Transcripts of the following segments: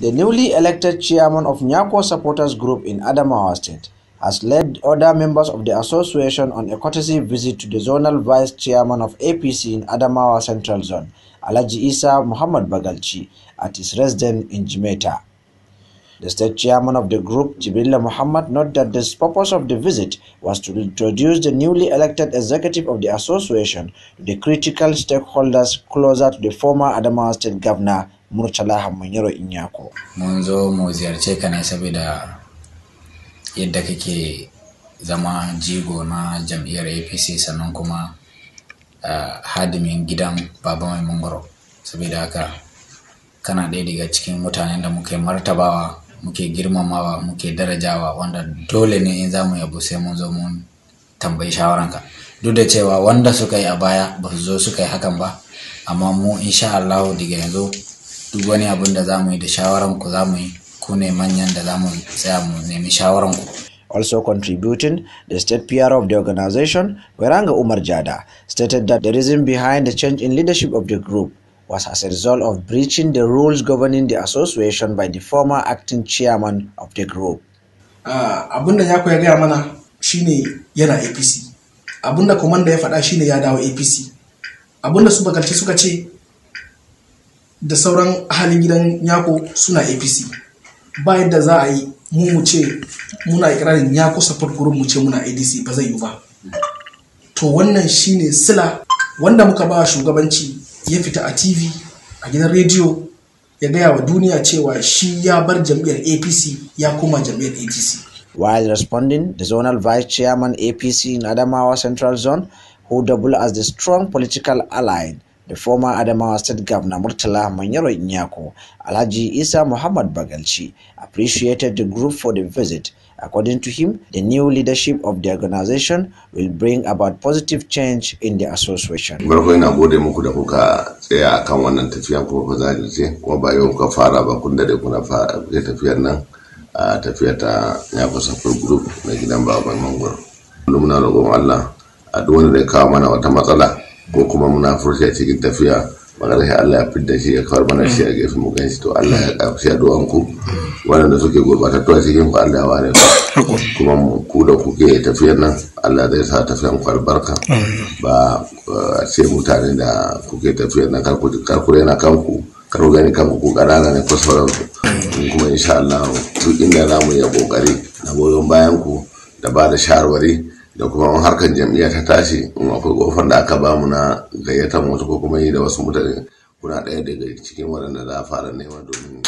The newly elected chairman of Nyako supporters group in Adamawa State has led other members of the association on a courtesy visit to the zonal vice chairman of APC in Adamawa Central Zone, Alaji Isa Muhammad Bagalchi, at his residence in Jimeta. The state chairman of the group, Jibrilla Muhammad, noted that the purpose of the visit was to introduce the newly elected executive of the association to the critical stakeholders closer to the former Adamawa State governor, murtala hamanyaro yako. mun zo mu ziyarce ka ne saboda yadda kake zama jigo na jam'iyyar apc sannan kuma hadimin gidan baba mai mangoro saboda haka kana ɗaya daga cikin mutanen da muke martabawa muke girmamawa muke darajawa wanda dole ne in za mu yabo sai mun zo mun tambayi shawaranka duk da cewa wanda suka yi a baya ba su zo suka yi hakan ba amma mu insha Allah daga yanzu duk wani abin da za mu yi da shawaran ku za mu yi ku ne manyan da zamu mu tsaya mu nemi shawaran ku also contributing the state PR of the organization, Weranga Umar Jada, stated that the reason behind the change in leadership of the group was as a result of breaching the rules governing the association by the former acting chairman of the group. Ah, abin da ya koya gaya mana shine yana APC, abin da da ya faɗa shine ya dawo APC, abin da su bakalci suka ce da sauran ahalin gidan yako suna apc ba yadda za a yi mu mu ce muna ikirarin yako support group mu ce muna adc ba zai yi ba to wannan shine sila wanda muka ba shugabanci ya fita a tv a gidan rediyo ya gaya wa duniya cewa shi ya bar jam'iyyar apc ya koma jam'iyyar adc while responding the zonal vice chairman apc in adamawa central zone who double as the strong political ally da former adamawa state governor murtala manyaro inyako alhaji isa muhammad bagalci appreciated the group for the visit According to him, the new leadership of the organization will bring about positive change in the association. Farko ina gode muku da kuka tsaya akan wannan tafiya kuma ku ce, kuma ba yau kuka fara ba kun dade kuna fara tafiyar nan a tafiyar ta ya kusa group na gidan baban mangoro. na roƙon Allah a duk wanda ya kawo mana wata matsala ko kuma muna furci a cikin tafiya magana shi Allah ya fidda shi ya kawar mana shi a gefe mugan shi to Allah ya a addu'an ku waɗanda suke gurbatattu a cikin ku Allah ya ware ku kuma ku da kuke tafiyar nan Allah zai sa tafiyan ku albarka ba eh, a ce mutane da kuke tafiyar nan karku rena kanku kar gani kanku ku ƙanana ne ko sauransu kuma insha Allah duk inda za mu yi kokari na goyon bayan ku da ba da shawarwari da kuma an harkar jam'iyya ta tashi in akwai kofar da aka bamu na gayyatar wasu ko kuma yi da wasu mutane kuna ɗaya daga cikin waɗanda za a fara nema domin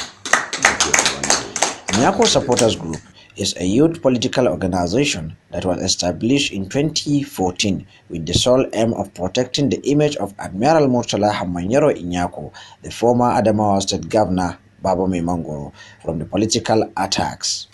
Nyako Supporters Group is a youth political organization that was established in 2014 with the sole aim of protecting the image of Admiral Murtala Hamanyero Inyako, the former Adamawa State Governor Baba Mangoro, from the political attacks.